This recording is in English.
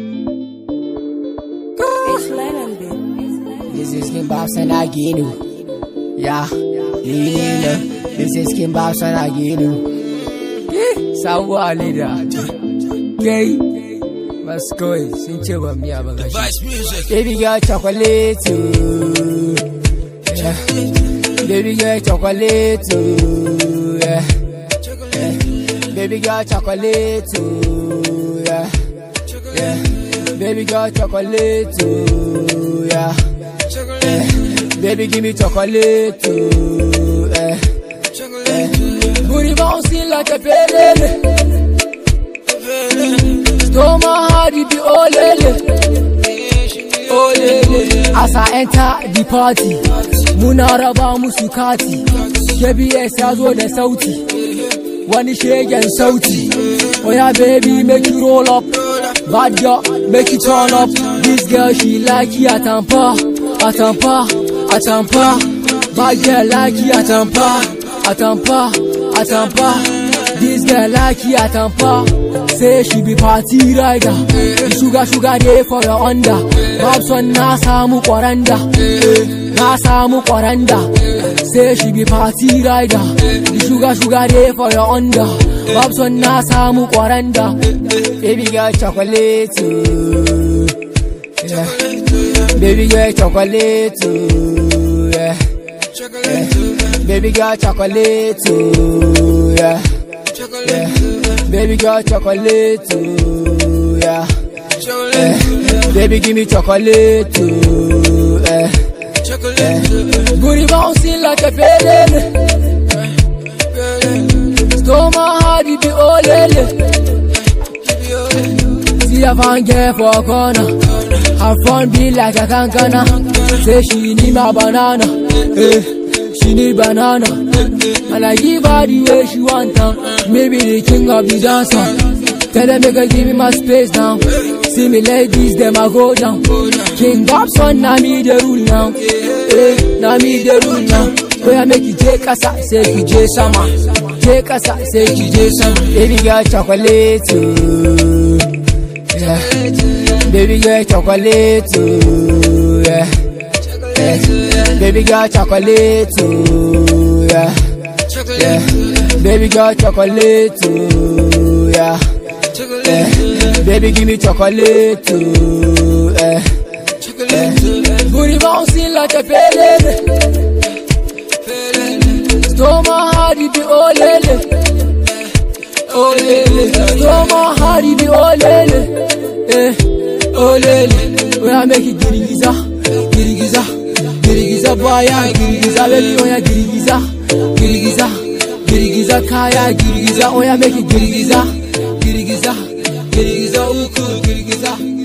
This is Kim Bob Sanaginu. Yeah, Lina. This is Kim Bob Sanaginu. Sawa Lida. Gay. Maskoi. Sinche wa miya bagashi. Vice music. Baby girl chocolate too. Yeah. Baby girl chocolate too. Yeah. yeah. Baby girl chocolate too. Yeah. Baby girl, chocolate, oh, yeah. Chocolate. Eh, baby, give me chocolate, oh, eh. Chocolate. Eh. Booty bouncing like a pedal. Stole my heart, it be all lele. Oh, lele. As I enter the party, muna raba KBS kati. KBS ya zo When you shake and sauti. Oh yeah, baby, make you roll up. Bad girl, make you turn up. This girl, she like you at tampa, at tampa, at tampa. Bad girl like you at tampa, at tampa, at tampa. This girl like you at tampa. Say she be party rider. The sugar sugar day for your under. Robson na samu kwaranda. Na samu Say she be party rider. The sugar sugar day for your under. Babson na samu kwaranda Baby girl chocolate Baby girl chocolate Baby girl chocolate Baby girl chocolate Baby give me chocolate yeah. yeah. Booty bouncing like a pelin See a fun girl for corner. Her fun be like a kankana. Say she need my banana. Hey, eh, she need banana. And I give her the way she want now. Maybe the king of the dancer. Tell them they can give me my space now. See me ladies, them I go down. King of son, now me the rule now. Hey, eh, now me the rule now. Boy, I make you take a side, say you J Sama. Take a side, say you J Sama. Baby girl, chocolate. Ooh yeah. Baby girl, chocolate too, yeah. Baby girl, chocolate too, yeah. Baby girl, chocolate too, yeah. Baby, give me chocolate too, yeah. yeah. Booty bouncing like a pelele. Throw my heart, you be oh lele, oh my heart, you be leli When I make it girigiza, girigiza, girigiza baya girigiza leli When I girigiza, girigiza, girigiza kaya girigiza When I make it girigiza, girigiza, girigiza uku girigiza